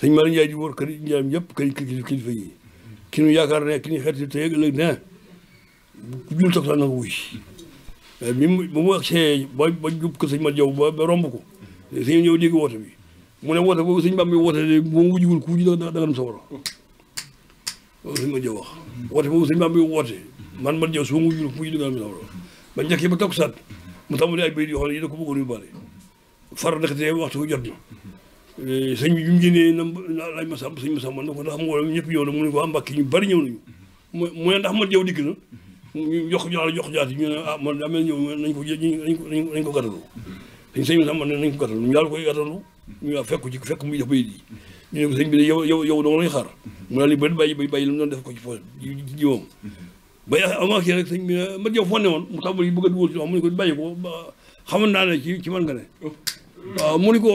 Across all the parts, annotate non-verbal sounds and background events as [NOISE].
sëñ Malick Ndiaye di wër kër yi Ndiaye yëpp kër yi kilifa yi ki ñu yaakaar ne ki ñu xeet si tey ëllëg ne ku jul toog sax na nga wuy eh, bi mu ba mu agsee ba ba jub ko sëñ Malick Diaw ba ba romb ko sëñ ñëw dégg woote bi mu ne woote boobu sëñ Bamba bi woote de moom wujjul ku wujj da nga dem sa waro loolu sëñ Malick Diaw wax woote boobu sëñ Bamba bi woote man Malick Diaw su ma wujjul ku wujj da nga dem sa waro ba njëkk ba takkusaan mu tàmbali ay béy yoo xam ne yi da ko bëggoon yu bari far nag te waxtu jot na Eh, sëñ bi bi mu génnee na laaj ma sàmm sëñ ma sàmm ko ndax mbooloo mi ñëpp yow na mu ne ko am ah, mbàkki ñu mu ne ma yow dikk na ñu jox jox jox jaati ñu ne ah man daa mel ko nañ ko gàttalu sëñ sëñ ma sàmm ne nañ ko gàttalu ñu daal koy gàttalu ñu daal fekk ci fekk muy def bayit yi ñu ne ko sëñ bi ne yow yow yow dong lay xaar mu daal di bëri bàyyi bàyyi lu mu ko ci fo ci a dugal ci ko bàyyi naa ne ci ci man nga ne oh. mu ne ko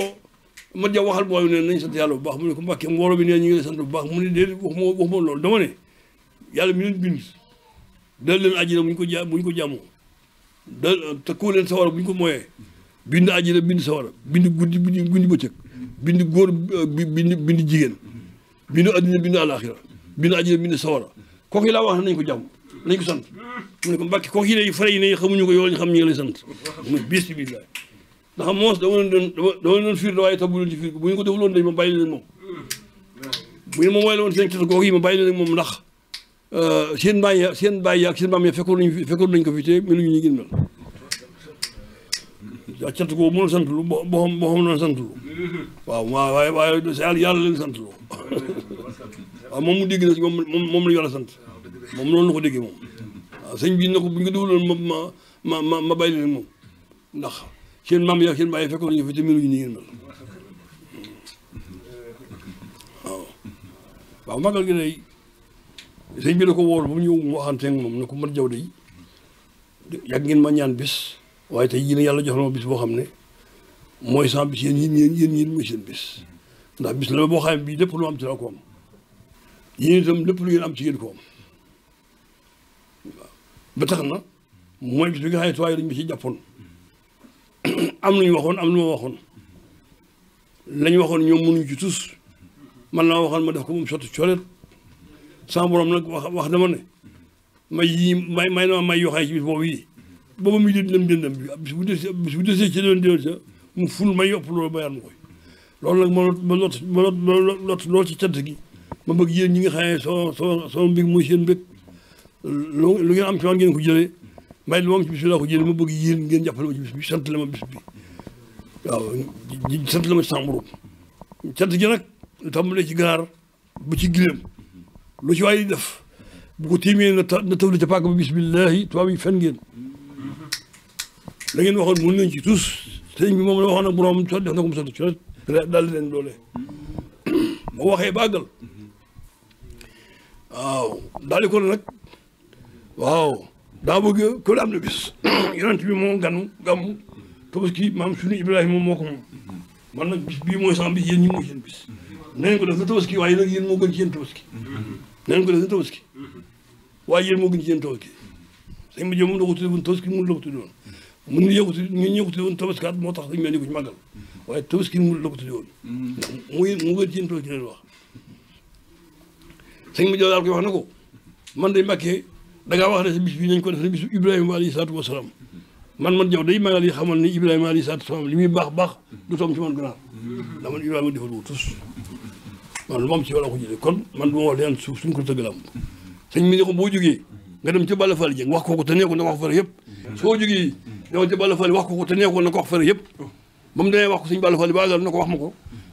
ma ja waxal booy ne nañ sant yàlla bu baax mu ne ko mbàkke mbooloo bi ne ñu ngi lay sant bu baax mu ne déedéet waxuma waxuma loolu dama yàlla mi leen bind dal leen bu ñu ko ja bu ñu ko jàmmoo dal takkoo leen sawara bu ñu ko mooyee bind àjjina bind sawara bind guddi bind guddi bëccëg bind góor bind bind jigéen bind addina bind àlaxira bind àjjina bind sawara kooku yi laa wax nañ ko jàmm nañ ko sant mu ne ko mbàkke kooku yi ne fare yi ne xamuñu ko yow lañ xam ñu ngi lay sant mu bis ndax moos dama leen doon waaye ta bu leen ci fiir bu ñu ko defaloon ma bàyyi leen moom hmm. bu ñu woon seen kese kooku yi ma bàyyi leen moom ndax euh, seen bàyyi seen bàyyi ak seen maam ya fekkoon fekkoon nañu ko fi te meluñu ñu gën mel ko mënul sant lu boo xam boo xam noonu hmm. waaw waaye waaye yàlla yàlla leen sant lu [LAUGHS] waaw moom mu dégg na moom moom moom la yàlla sant moom noonu la ko déggee moom hmm. bi na ko bu ñu ko defaloon ma ma ma ma bàyyi moom ndax seen maam yaa seen bàyyi fekkoon nañu fi te meluñu ni ngeen mel waaw waaw magal gi day sëñ bi da ko wóor ba mu ñëw mu waxante ak moom ne ko man jaw day yàgg ngeen ma ñaan bis waaye te yéen yàlla jox na ma bis boo xam ne mooy sans bis yéen yéen yéen seen bis ndax bis la boo xam ne bii lépp lu am ci la ko am yéen itam lépp lu ngeen am ci yéen ko am waaw ba tax na mooy bis bi nga xam ne tuwaay lañu ma ci jàppoon am nañu waxoon am na ma waxoon lañu waxoon ñoom mënuñu ci tus man la waxoon ma def ko moom sot coleet sama borom nag wax wax dama may yii may may na may yoxaay ci bis boobu yi booba muy dëndam dëndam bi bis bu desee bis bu desee ci doon déwén mu ful may yopp loolu bayaan ma koy loolu nag ma lot ma lool ci cant gi ma bëgg yéen ñi nga xam ne soo soo soo mbég mooy seen mbég lu ngeen am ci waan ngeen ko jëlee may lu moom ci bis bi laa ko jëlee ma bëgg yéen ngeen jàppale ma ci bis bi sant la ma bis bi waaw sant la ma ci sàmburu sant gi nag lu tàmbalee ci ganaar ba ci gileem lu ci waay di def bu ko tiimee na na taf la ca paaka ba bismillahi tubaab yi fen ngeen la ngeen waxoon mën nañ ci tous sëñ bi moom la waxoon ak borom so def na ko mu sant ci daal leen doole moo waxee bàggal waaw daal di ko nag waaw daa bëgg ku la am na bis [CLEARS THROAT] yonent bi moo ganu gam tabaski maam suñu Ibrahima moo ko moom man nag bis bii mooy sama bis yéen ñi mooy seen bis nañ ko def na tabaski waaye nag yéen moo gën ci yéen tabaski nañ ko def na tabaski waaye yéen moo gën ci yéen tabaski sëñ ma jëm moom da ko tudde woon tabaski mënu la ko tudde woon mun ñu yëkkati ñu ñu yëkkati moo tax dañu mel ni ko ci màggal waaye tabaski mënu la ko tudde woon ndax muy mu gën ci yéen tabaski leen wax sëñ ma jëm daal koy wax na ko man day mbàkkee da ngaa wax ne sa bis bi nañ ko def ne bisu Ibrahima alayhi salaatu wa salaam man man jaw day maa ngi xamal ne Ibrahima alayhi salaatu wa salaam li muy baax baax du toom ci man gannaaw ndax man man lu ma am ci wàllu ko jëlee kon man du ma wax leen suuf suñ ko tëggalam sëñ bi ko boo jógee nga dem ca Balla Fall Dieng wax ko ko te nekkul na wax fële yëpp soo jógee ñëw ca Balla Fall wax ko ko te nekkul na ko wax fële yëpp ba mu demee wax ko sëñ Balla Fall ba àggal na ko wax ma ko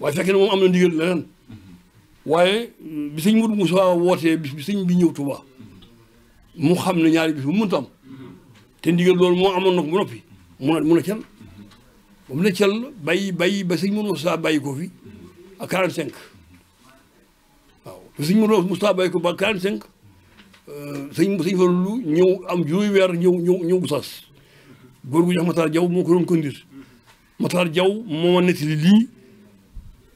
waaye fekkee ne moom am na ndigal leneen waaye bi sëñ Mourou Moussa wootee bis bi sëñ bi ñëw Touba mu xam ne ñaari bis bu mënta te ndigal loolu moo amoon na ko bu noppi mun a mun ba mu ne cal bàyyi bàyyi ba sëñ Mourou Moussa bàyyi ko fi à 45 waaw te sëñ Mourou Moussa bàyyi ko ba 45 euh, sëñ sëñ Fallou ñëw am juróomi weer ñëw ñëw ñëw Gossas góor gu jox Matar Diaw moo ko doon conduire Matar Diaw moo ma nettali lii.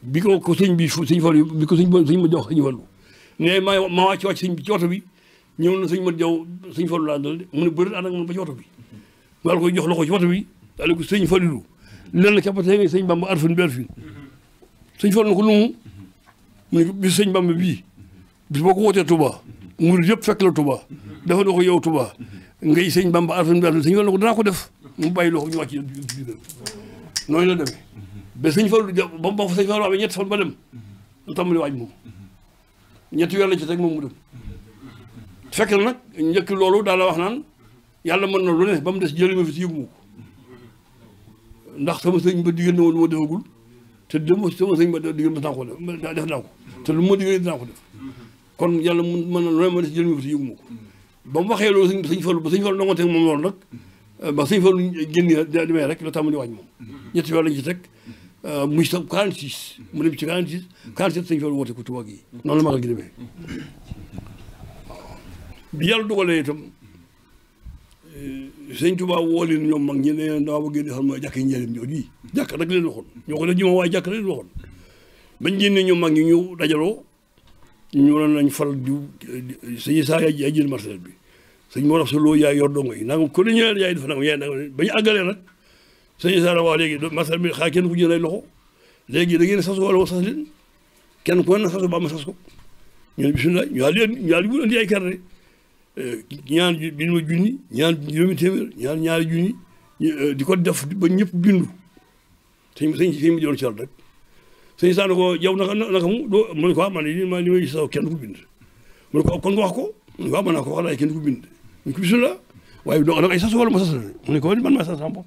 bi ko ko sëñ bi sëñ Fallu bi ko sëñ sëñ ma jox sëñ Fallu ne ma ma wàcc wàcc sëñ bi ci oto bi ñëw na sëñ ma jow sëñ Fallu laa dal mu ne bëri ànd ak man ba ci oto bi ma la koy jox loxo ci oto bi daal di ko sëñ Fallu lenn capacité nga sëñ Bamba arfin bi arfin sëñ Fallu na ko lumu mu ne bis sëñ Bamba bii bis boo ko wootee Touba murid yëpp fekk la Touba dafa na ko yow Touba ngay sëñ Bamba arfin bi arfin sëñ Fallu na ko danaa ko def mu bàyyi loxo ñu wàcc noonu la demee ba sëñ Fallu ba ba sëñ Fallu amee ñetti fan ba dem mu tàmbali waaj moom ñetti weer la ci teg moom nag njëkk loolu daal wax naan yàlla mën na lu ne ba mu des jëli ma fi si ndax sama sëñ ba diggéen na woon moo defagul te dem sama sëñ ba diggéen ma naa ko def def naa ko te lu ma diggéen dinaa kon yàlla mën na lu ma des ba mu waxee loolu sëñ sëñ Fallu ba sëñ Fallu dongoon teg moom loolu nag ba sëñ Fallu génn demee rek la tàmbali waaj moom ñetti weer lañ ci muy tam 46 mu dem ci 46 47 sañ fa woote ko tubaab gi noonu la magal gi demee bi yàlla dugalee itam eh, sëñ Tuba woo ñoom mag ñi ne dama bëgg ngeen di xam jàkk yi njëriñ ñoo ji jàkk ñoo ko def ji waaye jàkk leen waxoon bañ génne ñoom mag ñi ñu dajaloo ñu doon nañ fal diw sëñ saa yaay jël marcel bi sëñ moo tax yaay yor dongo yi nangam ko ne ñu yaay dafa nangam yaay nangam bañu àggalee sëñ Issa waa léegi masal bi xaa kenn ku jël ay loxo léegi da ngeen sas wala woo sas leen kenn ku ne sas ba ma sas ko ñun bisimilah ñu daal di ñu daal di andi ay carnet ñaan bindu ma junni ñaan juróomi téeméer ñaan ñaari junni eh, di ko def ba ñëpp bindu sëñ sëñ sëñ bi doon ci rek sëñ Issa ne ko yow naka naka mu doo mu ne ko ah, man li ma li may gis kenn ku bind mu ne ko kon nga wax ko mu ne ko ah, mën naa ko wax la ay kenn ku bind ñu ko bisimilah waaye doo ay sas wala ma sas la mu ne ko man maa sas sama bopp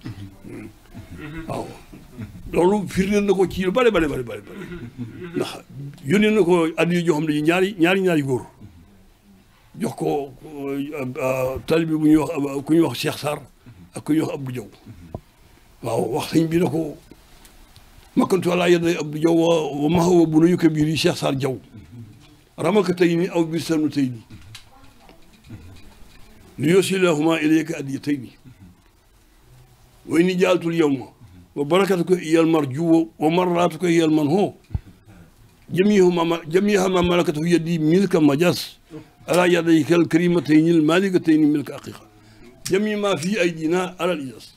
loolu firndeel na ko ci lu bare bare bare bare ndax yónnee na ko addiya joo xam ne ñaari ñaari ñaari góor jox ko taalibe bu ñuy wax ku ñuy wax Cheikh Sarr ak ku ñuy wax Abdou Diaw waaw wax sëñ bi na ko makkantu ala yadda Abdou Diaw wa mahawa bu nuyu ko biir yi Cheikh Sarr Diaw ramaka tey ni aw biir sanu tey ni li yosilahuma ilayka addiya tey ni way ni jaaltul yow ma وبركتك هي المرجو ومراتك هي المنهو جميعهما جميعهما ملكته يدي ملك مجاز على يديك الكريمتين المالكتين ملك حقيقة جميع ما في أيدينا على الإجاز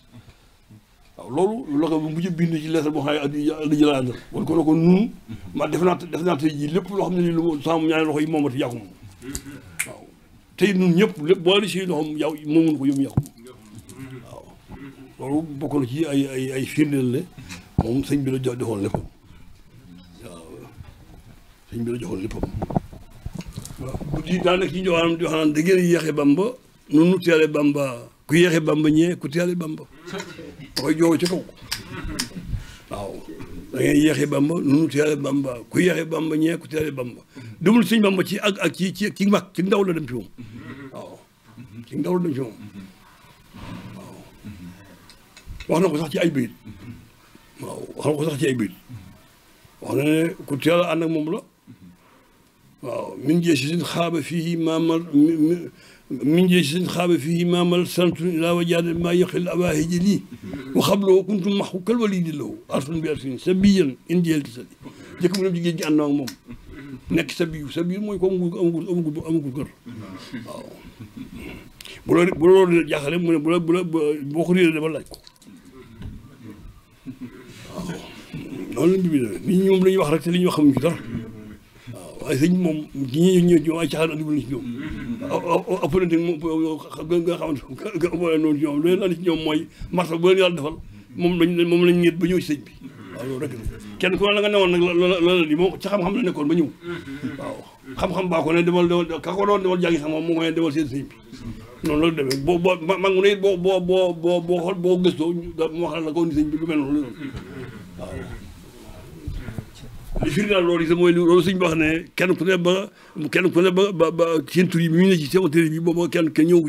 loolu loolu bu mujj bind ci leetar boo xam ne ak li ñu laajal wala ko ne ko nun ma def naa def naa tey jii lépp loo xam ne lu ma sama ñaari loxo yi moomati yàqu moom waaw tey nun ñëpp lépp boole si loxom yow moomun ko yëmu yàqu moom loolu bokk na ci ay ay ay moom sëñ bi la jox joxoon léppam waaw sëñ bi la joxoon léppam ci joxaanam di waxaan da ngeen yéexe bamba nun nu bamba ku yéexe bamba ñee ku teele bamba da koy joow ci kaw waaw da ngeen yéexe bamba nun nu teele bamba ku yéexe bamba ñee ci ak ak ci ci ci mag ci ndaw la dem ci ci ndaw la dem ci وانا قصحتي اي بيت وانا قصحتي اي بيت وانا كنت يرى انا مملا من جيش خاب فيه ما مر من جيش خاب فيه ما مر سنة إلى وجاد ما يخل الأواهج لي وقبله كنت محو كالوليد له ألف بألفين سبيا إن دي هلتسالي جاكم نبجي جيجي أنا ومم نك سبي سبي موي كوم أمكو أمكو أمكو كر بلور بلور جاخلي بلور بلور بخوري لبلاكو noonu la mbir mi nit ñi moom la ñuy wax rek te li ñu wax xamuñ ci dara waaw waaye sëñ bi moom ñi ñëw ñëw waaye caaxaan andiwul ci ñoom ëpp na nga xamante wala noonu ci ñoom lu leen andi ci ñoom mooy marta bu leen yàlla defal moom lañ moom lañ ñeet ba ñëw ci sëñ bi waaw loolu rek kenn ku la nga newoon nag loola li moom ci xam-xam la nekkoon ba ñëw waaw xam-xam baa ko ne demal demal ka ko doon demal jàngi sax moom moo ko ne demal seen sëñ bi noonu loolu demee boo boo mag mu ne it boo boo boo boo boo xool boo gëstoo mu wax la ko ni sëñ bi lu mel noonu waaw journal loolu itam mooy loolu suñu wax ne kenn ku ba kenn ku ba ba ba mi tur yi bi ñu ne ci seen téere bi booba kenn kenn kenn ñëw ko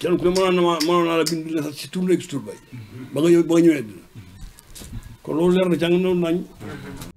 kenn ku ne ma mënoon naa la bind la si tur nekk si bay ba nga ñëw ba nga ñëwee loolu leer na jàng noonu nañ